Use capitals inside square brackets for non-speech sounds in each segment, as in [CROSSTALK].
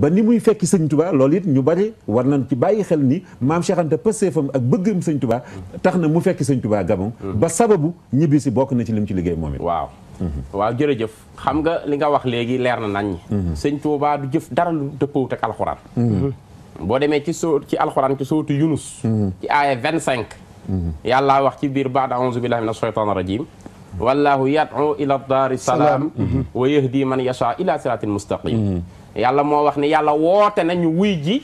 ba ni muy fekki sëñ tubaa loolu it ñu bari war nañ ci bàyyi xel ni maam Cheikh Anta pëseefam ak bëggam sëñ Touba tax na mu fekki sëñ Touba Gabon mm. ba sababu ñibbi si bokk na ci lim ci liggéey moom it waaw mm-hmm. waaw jërëjëf xam nga li nga wax léegi leer na nañ mm-hmm. sëñ Touba du jëf dara lu dëppawut ak alxuraan mm-hmm. boo demee ci soo ci alxuraan ci sootu Yunus ci aaya vingt cinq yàlla wax ci biir baat aouzu billahi mina shaytaani rajim wallahu yad'u ila daari salaam wa yahdi man yasha ila siratin mustaqim yàlla moo wax ne yàlla woote na ñu wuy ji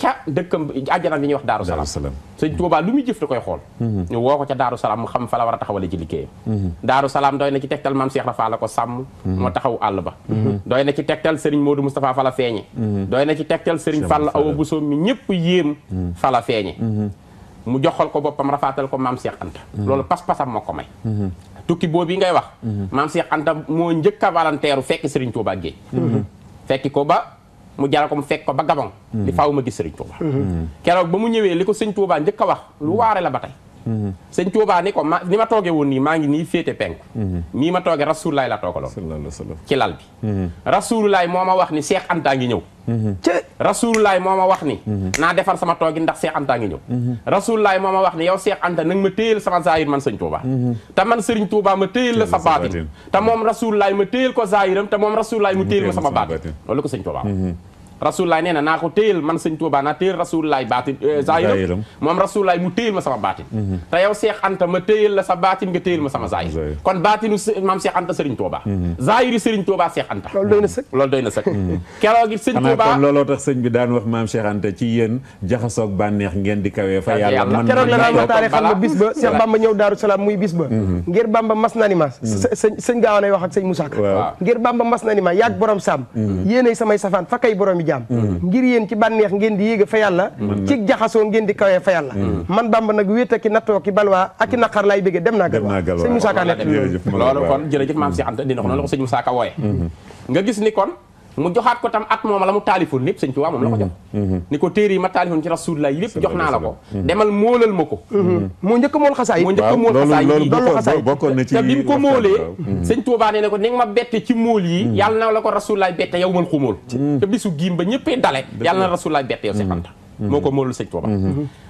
ca dëkkam àjjana bi ñuy wax daaru salaam sëñ Tuubaa lu muy jëf da koy xool mhm. ñu woo ko ca daaru salaam mu xam fa la war a taxawale ci liggéeyam mhm. daaru salaam doy na ci tegtal maam Cheikh Rafa la ko sàmm mhm. moo taxaw àll ba dooy na ci tegtal Serigne Modou Moustapha fa fala feeñe dooy na ci tegtal Serigne Fall Awa Bousso mi ñëpp yéem fala la feeñe mu joxal ko boppam rafaatal ko maam seex Anta loolu pas-pasam moo ko may tukki boobu yi ngay wax maam Cheikh Anta moo njëkk a walanteeru fekk Serigne Touba Gueye fekki ko ba mu jaral mu fekk ko ba gabon hmm. li faaw ma gis sëriñ Touba hmm. Hmm. keroog ba mu ñëwee li ko sëñ Touba njëkk a wax lu waare la ba tey sëñ Touba ni ko ma ni ma toogee woon nii maa ngi nii féete penku nii ma tooge rasulullaay la toogaloon ci lal bi rasulullaay moo ma wax ni Seex antaa ngi ñëw ci rasoululaay moo ma wax ni naa defar sama toogin ndax Seex Anta ngi ñëw rasoululaay moo ma wax ni yow Seex Anta nag ma téyel sama zahir man sëñ Touba te man sëriñ Touba ma téyel la sa baatin te moom rasoululaay ma téyel ko zahiram te moom rasoululaay mu téyel ma sama baatin loolu ko sëñ Touba rasulilaay nee na naa ko téyel man sëñ Tuubaa naa téyel rasulilaay baatin euh, zaayiram moom rasulilaay mu téyel ma sama baatin mhm. te yow Seex ma téyel la sa baatin nga téyel ma sama zaayir sëriñ Tuubaa mhm. zaayiri sëriñ doy na sëkk loolu doy na sëkk mhm. keroog it sëñ Tuubaa kon looloo tax sëñ bi daan wax maam Seex ci yéen jaxasoog bànneex ngeen di kawee fa yàlla man keroog ma taaree xam bis ba Seex Bamba ñëw Daaru muy bis ba ngir Bamba mas na ni ma sëñ Gaawane wax ak sëñ Musaa Ka ngir Bamba mas na ni ma yaag borom saam yéenay samay safaan fa kay borom yi jaam mm. ngir yéen ci bànneex ngeen di yéege fa yàlla mm. ci jaxasoo ngeen di kawee fa yàlla mm. man bamba nag wéet nattoo ki balwaa ak i naqar dem naa galwaa sëñ Moussa wooye mm-hmm. nga gis ni kon mu joxaat ko tam at mooma la mu taalifoon lépp sëñ moom la ko jox mm-hmm. Mm-hmm. ni ko téere yi ma taalifoon ci rasulullah yi lépp jox naa la ko mm-hmm. demal moolal ma ko moo njëkk a mool xasaay moo njëkk a mool xasaay dollu xasaay te ko moolee sëñ Tuubaa nee na ko ni nga ma bette ci mool yi yàlla na la ko rasulullah bette yow man xumóol te bisu giim ba ñëppee dale yàlla na rasulullah bette yow seqanta moo ko moolul sëñ Touba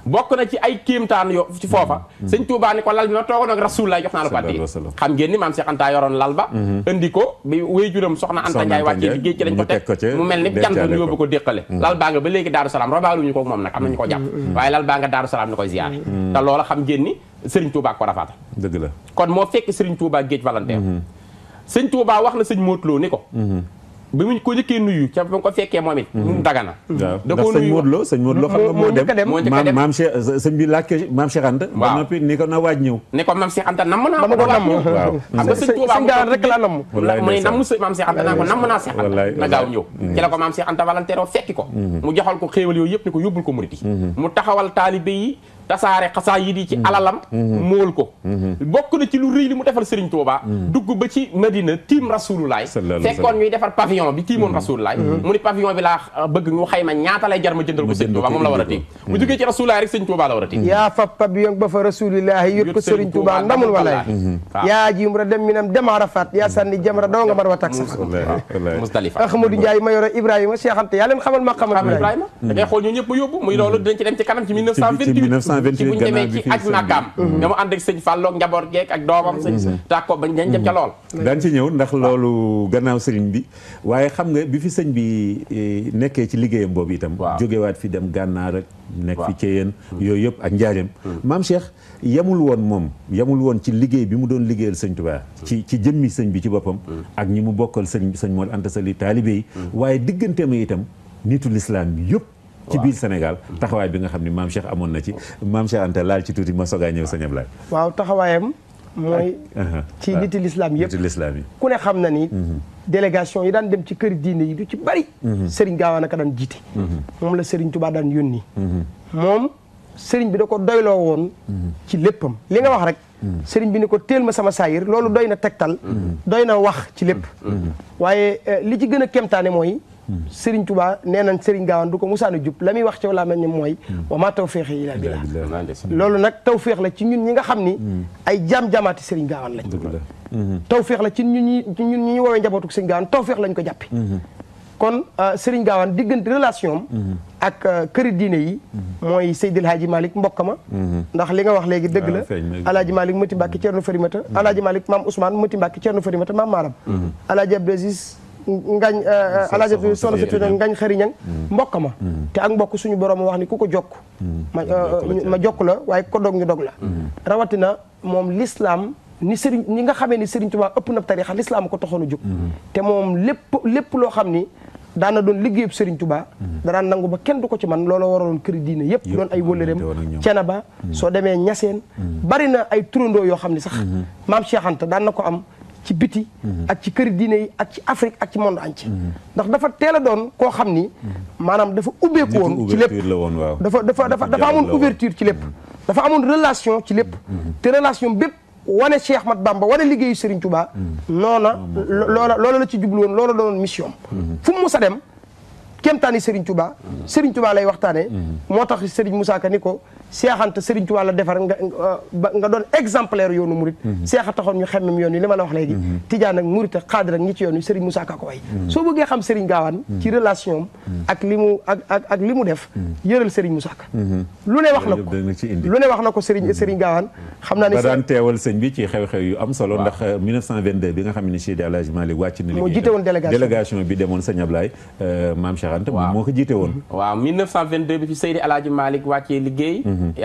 bokk na ci ay kéemtaan yoo ci foofa sëñ Touba ni ko lal bi ma toogoon ak Rasulullah jox naa la ko addi xam ngeen ni maam Cheikh Anta yoroon lal ba mhm. indi ko bi wéyjuram soxna Anta Ndiaye wàccee liggéey ci lañ ko teg mu mel ni jant ñu yóbbu ko déqale mhm. lal baa nga ba léegi Daaru Salaam robaaluñu ko moom nag am nañu ko jàpp mhm. waaye lal baa nga Daaru Salaam ni koy ziyaare te loola xam ngeen ni sëriñ Touba ko rafaatal dëgg la kon moo fekk sëriñ Touba géej Valentin sëñ Touba wax na sëñ Mootloo ni ko bi mu ko njëkkee nuyu ca ba ko fekkee moom it mu mm-hmm. dagana da ko nuyu sëñ xam nga moo dem maam Cheikh sëñ bi laaj mu naa ko namm naa Cheikh Anta na ñëw mm-hmm. ci ko maam Cheikh Anta walanteeroo fekki ko mm-hmm. mu joxal ko xéewal yooyu yëpp ni ko yóbbul ko murit yi mu taxawal taalibe tasaare xasaa yi di ci alalam mool mm-hmm. ko mm-hmm. bokk na ci lu rëy mu defal Serigne Touba mm-hmm. dugg ba ci Madina tiim Rasulullah fekkoon ñuy defar pavillon bi tiimoon Rasulullah mu ni pavillon bi laa euh, bëgg ñu xayma ñaata lay jar ma jëndal ko Serigne Touba moom la war a tiim bu jógee ci Rasulullah rek Serigne Touba la war a tiim yaa fab pavillon ba fa Rasulullah yot ko Serigne Touba ndamul wala yaa jiim ra dem minam dem Arafat yaa sànni jamra doo nga mar wa tax sax da ngay xool ñoo ñëpp ma yóbbu muy loolu dinañ ci dem ci kanam ci 28 bu ñu demee ci aj màkkaam ñoo ma ànd ak sëñ Fallou njaboot geek ak doomam sëñ tàkko ba dañ dem ca lool mm-hmm. daan ci ñëw ndax loolu gannaaw sëriñ bi waaye xam nga bi fi sëñ bi e, nekkee ci liggéeyam boobu itam jógewaat fi dem gànnaar ak nekk fi Ceyeen mm-hmm. yooyu yëpp ak njaareem mm-hmm. maam Cheikh yemul woon moom yamul woon ci liggéey bi mu doon liggéeyal sëñ Tuubaa ci ci jëmmi sëñ bi ci boppam ak ñi mu bokkal sëñ sëñ Mor Anta Sali taalibe yi waaye digganteem itam nitu lislaam yëpp ci biir Sénégal taxawaay bi nga xam ne maam Cheikh amoon na ci maam Cheikh Anta laal ci tuuti ma sogaa ñëw sëñ Ablaye waaw taxawaayam mooy uh-huh. ci niti uh-huh. lislaam yëpp niti lislaam yi ku ne xam na ni uh-huh. délégation yi daan dem ci kër diine yi du ci bari sëriñ gaawaan naka daan jiite moom la sëriñ Tuubaa daan yónni moom sëriñ bi da ko doyloo woon ci léppam li nga wax rek sëriñ bi ni ko teel ma sama saayir loolu doy na tegtal doy na wax ci lépp waaye eh, li ci gën a kemtaane mooy Serigne tubaa nee nañ Serigne Gaawaan du ko musaana jub la muy wax ci wala mel mooy hmm. wa maa tawféex yi ila billah loolu nag tawféex la ci ñun ñi nga xam ni hmm. ay jaam-jaamaati Serigne Gaawaan lañ hmm. tawféex la ci ñun ñi ñun ñi ñu njabootu Serigne Gaawaan tawféex lañ ko jàppe kon euh, Serigne Gaawaan diggante relation am ak euh, këri diine yi mooy Seydil Hadji Malick mbokk ma ndax li nga wax léegi dëgg la ah, Alaaji Malick Mati Mbàkke Cerno Farimata Alaaji Malick Maam Ousmane Mati Mbàkke Cerno Farimata Maam Maaram Alaaji Abdou Aziz ngañ euh, euh, alaaji soxna si tudd ngañ xariñang mm. mbokk ma mm. te ak mbokk suñu borom wax ni ku ko jokk mm. ma euh, ma jokk la waaye ko dog ñu dog la rawatina moom l'islam ni sëriñ ni nga xamee ni sëriñ Tuubaa ëpp na tarixa l'islam ko taxoon a jóg te moom lépp lépp loo xam ni daana doon liggéeyub sëriñ Tuubaa danaan nangu ba kenn du ko ci man looloo waraloon kër diine yëpp doon ay wëllëreem cene ba soo demee ñaseen bari na ay turandoo yoo xam ne sax mm-hmm. maam Cheikh Anta daan na ko am ci biti mhm. ak ci këri diine yi ak ci Afrique ak ci monde entier mhm. ndax dafa teel a doon koo xam ni mhm. maanaam dafa ubbeeku woon ci lépp dafa dafa dafa dafa amoon ouverture ci lépp dafa amoon relation ci lépp te relation bépp wane Cheikh Ahmad Bamba wane liggéeyu Serigne Touba noona loola loola la ci jublu woon loola doon mission fu mu musa dem kem kéemtaani Serigne Touba. Serigne Touba lay waxtaanee. moo tax Serigne Moussa Ka ni ko seexanta Serigne Touba la defar nga nga doon exemplaire yoonu murit seexa taxoon ñu xemmem yoon wi li ma la wax léegi. Tijaan ak murit ak xaadir ak ñi ci yoon wi Serigne Moussa Ka ko way soo bëggee xam Serigne Gaawaan ci relation ak li mu ak ak li mu def. yëral Serigne Moussa Ka. lu ne wax na ko lu wax na ko Serigne Serigne Gaawaan. xam naa ne ba daan teewal sëñ bi ci xew-xew yu am solo. ndax 1922 euh, bi nga xam ne Seydi El Hadji Malick wàcc na. moo Cheikh Anta waaw moo ko jiite woon [LAUGHS] waaw 1922 bi fi Seydi Alaaji Malick wàccee liggéey mhm. mhm. mhm.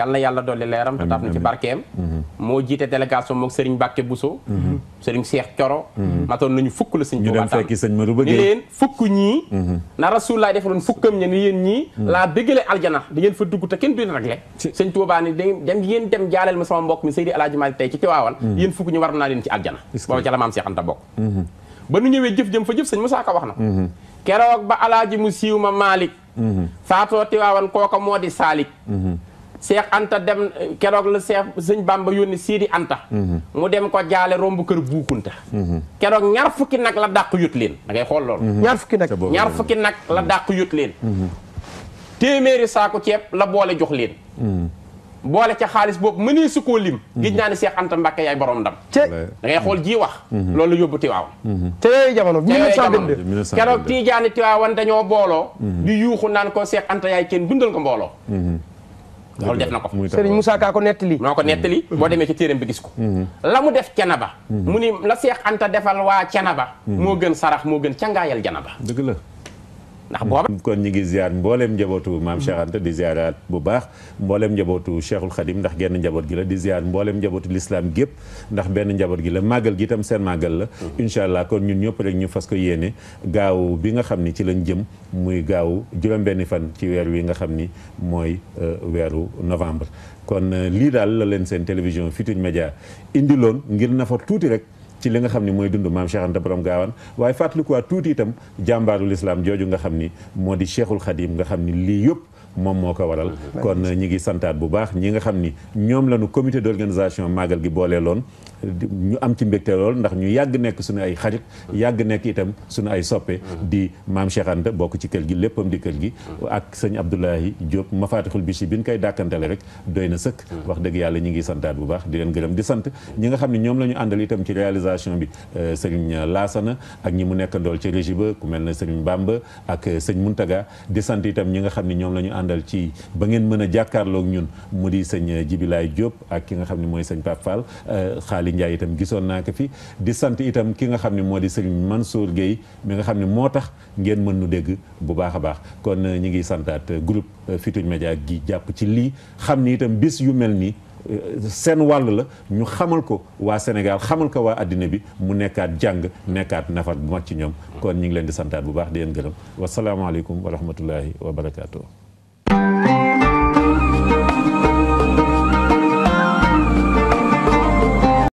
la sëñ ñu dem fekki sëñ di ngeen fa dugg te kenn duñ réglé ma sama mbokk mi Seydi Alaaji Malick tey ci fukk ñu war naa leen ci aljana booba ca la maam bokk ba nu ñëwee jëf jëm fa jëf sëñ Moussa Ka wax na keroog ba alaaji mu siiw ma Malick mhm. faatoo tiwaawan kooka moo di saalik mhm. seex anta dem keroog la seex sëñ bamba yónni siidi anta mhm. mu dem ko jaale romb kër buukunta keroog ñaar fukki nag la dàq yut leen da ngay xool loolu ñaar fukki nag ñaar fukki nag la dàq yut leen téeméeri saako ceeb la boole jox leen boole ca xaalis boobu mënee su koo lim mhm. gis naa ne Cheikh Anta Mbacke yaay borom ndam da ngay xool ji wax mhm. loolu yóbbu Tiwaawan ca mhm. yooyu jamono 1922 keroog Tijaani Tiwaawan dañoo booloo di yuuxu naan ko Cheikh Anta yaay kenn dundal ko mbooloo loolu def na ko Serigne Moussa Ka ko nettali moo ko nettali boo demee ci téeram bi gis ko la mu def Cenaba mu ni la Cheikh Anta defal waa Cenaba moo gën sarax moo gën cangaayal Cenaba dëgg la ndax booba mm-hmm. kon ñu ngi ziar mbooleem njabootu maam Cheikh Anta di ziaraat bu baax mbooleem njabootu Cheikhul Khadim ndax genn njaboot gi la di ziar mbooleem njabootu l'islam gépp ndax benn njaboot gi la màggal gi itam seen màggal la mm-hmm. incha allah kon ñun ñëpp rek ñu fas ko yéene gaaw bi nga xam ni ci lañ jëm muy gaaw juróom-benni fan ci weer wi nga xam ni mooy euh, weeru novembre kon euh, lii daal la leen seen télévision Futurs Médias indiloon ngir nafa tuuti rek ci li nga xam ni mooy dund maam Cheikh Anta borom gaawaan waaye fàttalikuwaat tuuti itam jàmbaaru lislaam jooju nga xam ni moo di Cheikhul Khadim nga xam ni lii yëpp moom moo ko waral mm-hmm. kon ñi ngi santaat bu baax ñi nga xam ni ñoom lañu comité d'organisation màggal gi boolee loon ñu am ci mbégte lool ndax ñu yàgg nekk suñu ay xarit yàgg nekk itam suñu ay soppee di maam Cheikh bokk ci kër gi léppam di kër gi ak sëñ Abdoulahi Diop mafaatixul bichi bi ñu koy dàkkantale rek doy na sëkk wax dëgg yàlla ñi ngi santaat bu baax di leen gërëm di sant ñi nga xam ne ñoom lañu ñu àndal itam ci réalisation bi euh, sëriñ Laasana ak ñi mu nekkandool ci régie ba ku mel na sëriñ Bamba ak euh, sëñ Muntaga di sant itam ñi nga xam ne ñoom la ñu àndal ci ba ngeen mën a jàkkaarloog ñun mu di sëñ Jibilaay Diop ak ki nga xam ne mooy sëñ Pape euh, Ndiaye itam gisoon naa ko fi di sant itam ki nga xam ne moo di man Mansour Guèye mi nga xam ne moo tax ngeen mën nu dégg bu baax a baax kon euh, ñi ngi santaat euh, groupe euh, Futurs Médias gi jàpp ci lii xam ni itam bis yu mel nii seen wàll la ñu xamal ko waa Sénégal xamal ko waa àddina bi mu nekkaat jàng nekkaat nafar bu mag ci ñoom kon ñu ngi leen di santaat bu baax di leen gërëm wasalaamaaleykum wa rahmatullahi wa barakaatu.